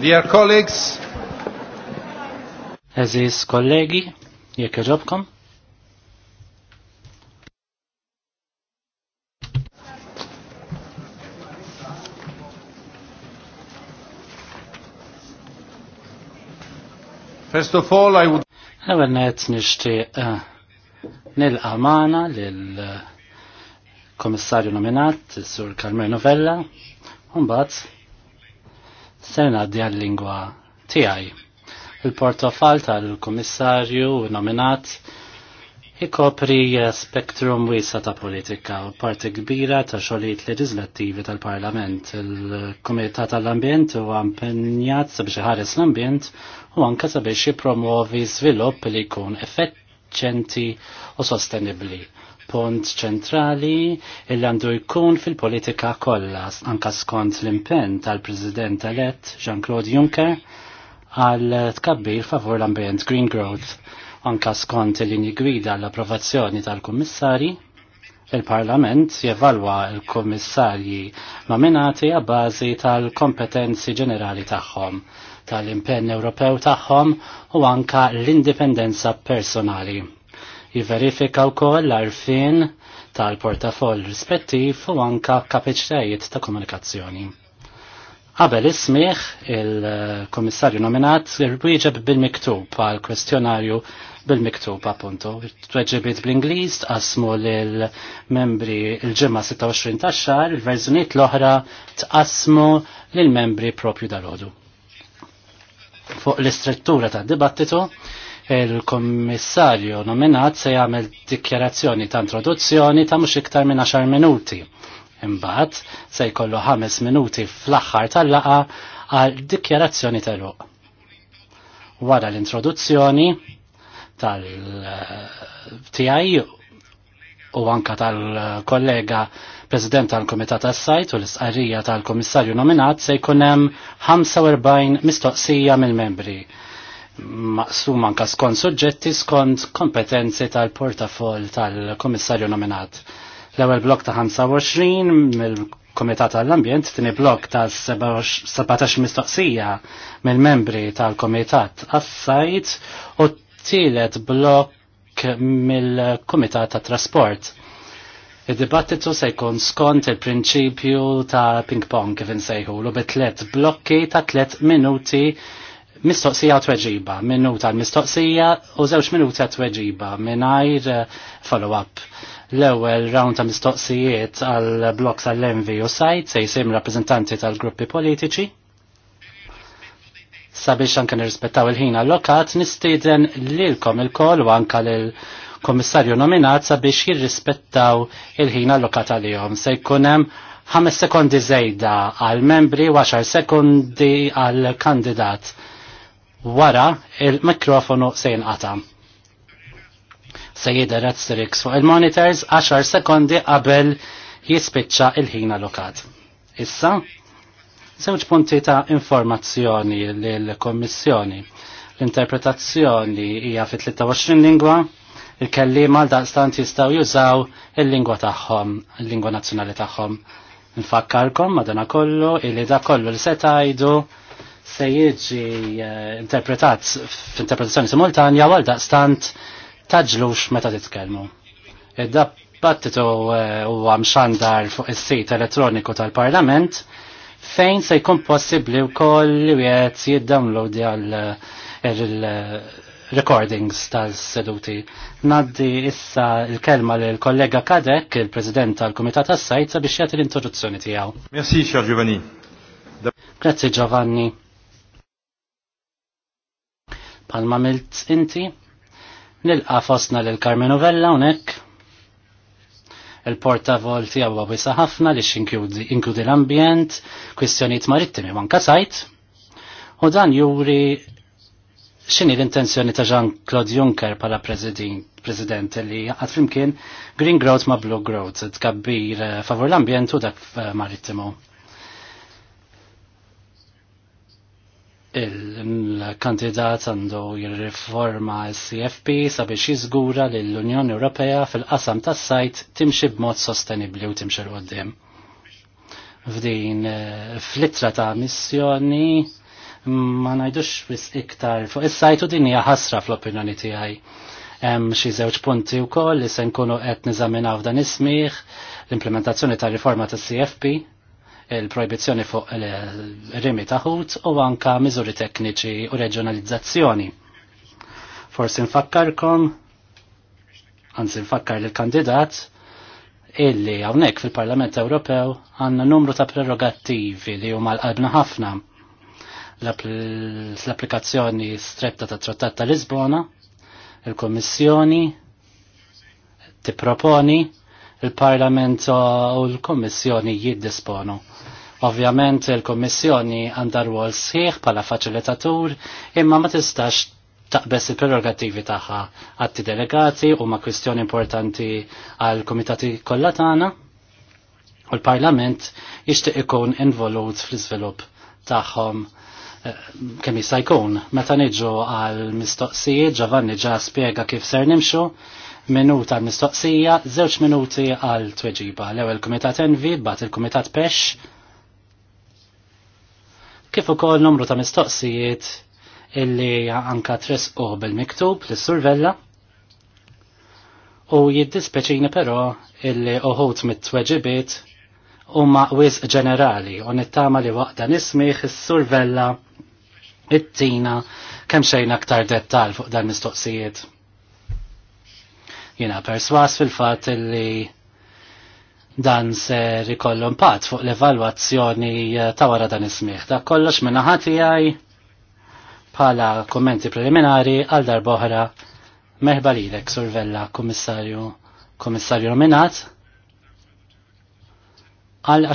Dear colleagues, Eżis kollegi, jekk ġobkom? First of all, I would... Għawen għet nishtiq eh, nil-amana l-komissarju eh, nominat, Sur Carmen Novella, un-bat, Sena għaddi għal-lingwa tiegħi. Il-portofall tal-Kummissarju nominat ikopri spektrum wiesa ta' politika u parti kbira ta' xolijiet leġislattivi tal-Parlament. Il-Kumitat tal-Ambjent huwa għampenjat sabiex ħares l-ambjent u anke sabiex jipromuovi żvilupp li jkun effeċenti u sostenibbli punt ċentrali il għandu jkun fil-politika kollha anka skont l-impenn tal-President elett Jean-Claude Juncker għal tkabbir favur l-ambient Green Growth anka skont il-linji gwida l-approvazzjoni tal-Kummissari il-Parlament jevalwa il-Kummissarji nominati għabbażi tal-kompetenzi ġenerali tagħhom tal-impenn Ewropew tagħhom u anka l-indipendenza personali jiverifika wkoll l-arfin tal-portafoll rispettiv u anka kapiċtajiet ta' komunikazzjoni. Qabel ismiħ il-komissarju nominat irwieġeb bil-miktub għal kwestjonarju bil-miktub appuntu. Tweġibit bl-Ingliż tqasmu lill-membri il-ġimgħa 26 tax-xahar, il verżuniet l-oħra tqasmu lill-membri propju dal ħodu Fuq l-istruttura tad-dibattitu, il-kommissarju nominat se jagħmel dikjarazzjoni ta' introduzzjoni ta' mhux iktar minn 10 minuti. Imbagħad se jkollu 5 minuti fl-aħħar tal-laqa għal dikjarazzjoni tal Wara l-introduzzjoni tal-TI u anka tal-kollega President tal-Komitat tas-Sajt u l-istqarrija tal-Komissarju nominat se jkun hemm 45 mistoqsija mill-membri maqsuma anka skont suġġetti skont kompetenzi tal-portafol tal-komissarju nominat. L-ewwel blok ta' 25 mill-Komitat tal-Ambjent, tieni blok ta' 17 mistoqsija mill-membri tal-Komitat għas-sajt u tielet blok mill-Komitat tat Trasport. Id-dibattitu se jkun skont il-prinċipju ta' ping-pong kif insejħu u bitlet blokki ta' tlet minuti mistoqsija tweġiba, minuta l-mistoqsija u zewx minuta tweġiba minnajr eh, follow-up. L-ewel round ta' mistoqsijiet għal blok tal-envi u sajt se jisim rappresentanti tal-gruppi politiċi. Sabiex anke nirrispettaw il-ħin allokat, nistieden lilkom il-kol u anka l komissarju nominat sabiex jirrispettaw il-ħin allokat għalihom. Se jkunem 5 sekundi zejda għal membri u 10 sekundi għal kandidat wara il-mikrofonu se jinqata. Se jidher Strix fuq il-monitors 10 sekondi qabel jispiċċa il-ħin allokat. Issa, żewġ punti ta' informazzjoni lill-Kommissjoni. L-interpretazzjoni hija fit 23 lingwa, il-kellima l-daqstant jistaw jużaw il-lingwa tagħhom, il-lingwa nazzjonali tagħhom. Nfakkarkom madana kollu illi da kollu li se tajdu se jiġi eh, interpretat f'interpretazzjoni simultanja għal daqstant taġlux meta titkellmu. id u eh, huwa mxandar fuq is-sit elettroniku tal-Parlament fejn se jkun possibbli wkoll li wieħed jiddownload eh, recordings tal-seduti. Naddi issa il-kelma l kollega Kadek, il-President tal komitat tas-Sajt, biex jagħti l-introduzzjoni tiegħu. Merci, Charles Giovanni. Grazie Giovanni palma milt inti, nilqa fosna lil Karmenovella Novella unek, il-portavol tijaw għabisa ħafna li inkludi l-ambjent, kwistjoniet marittimi man sajt, u dan juri xini l-intenzjoni ta' Jean-Claude Juncker pala president li għad flimkien Green Growth ma' Blue Growth, tkabbir eh, favur l-ambjent u dak eh, marittimu kandidat għandu jirriforma l-CFP sabiex jiżgura li l-Unjoni Ewropea fil-qasam tas-sajt timxi b'mod sostenibli u timxi l qoddim F'din eh, fl ta' missjoni ma najdux bis iktar fuq is-sajt u din hija ħasra fl-opinjoni tiegħi. Hemm xi żewġ punti wkoll li se nkunu qed niżaminaw f'dan ismih l-implementazzjoni ta' riforma tas-CFP il-projbizzjoni fuq il-rimi taħut u anka miżuri tekniċi u reġjonalizzazzjoni. Forsi nfakkarkom, anzi nfakkar l-kandidat, illi hawnhekk fil-Parlament Ewropew għandna numru ta' prerogattivi li huma l-qalbna ħafna l-applikazzjoni stretta ta' Trattat ta' Lisbona, il-Kommissjoni tipproponi il-Parlament u l-Kommissjoni jiddisponu. Ovvjament il-Kommissjoni għandha rwol sħiħ bħala faċilitatur imma ma tistax taqbess il-prerogativi tagħha għatti delegati u ma kwistjoni importanti għal komitati kollha tagħna u l-Parlament jixtieq ikun involut fl-iżvilupp tagħhom eh, kemm jista' jkun. Meta niġu għal mistoqsijiet Giovanni ġa spjega kif ser nimxu, minuta mistoqsija, żewġ minuti għal tweġiba. L-ewwel Kumitat Envi, bat il-Kumitat Pesh. Kif ukoll numru ta' mistoqsijiet illi anka u bil-miktub lis-survella. U jiddispeċini però illi uħut mit-tweġibiet huma wisq ġenerali u nittama li waqda nismiħ ismiħ is-survella it-tina kemm xejn aktar dettal fuq dan mistoqsijiet. Jina perswas fil-fat li dan se rikollu pat fuq l-evalwazzjoni eh, ta' wara dan ismiħ. Da kollox minna ħati għaj bħala kommenti preliminari għal darboħra merħba lilek survella kommissarju nominat għal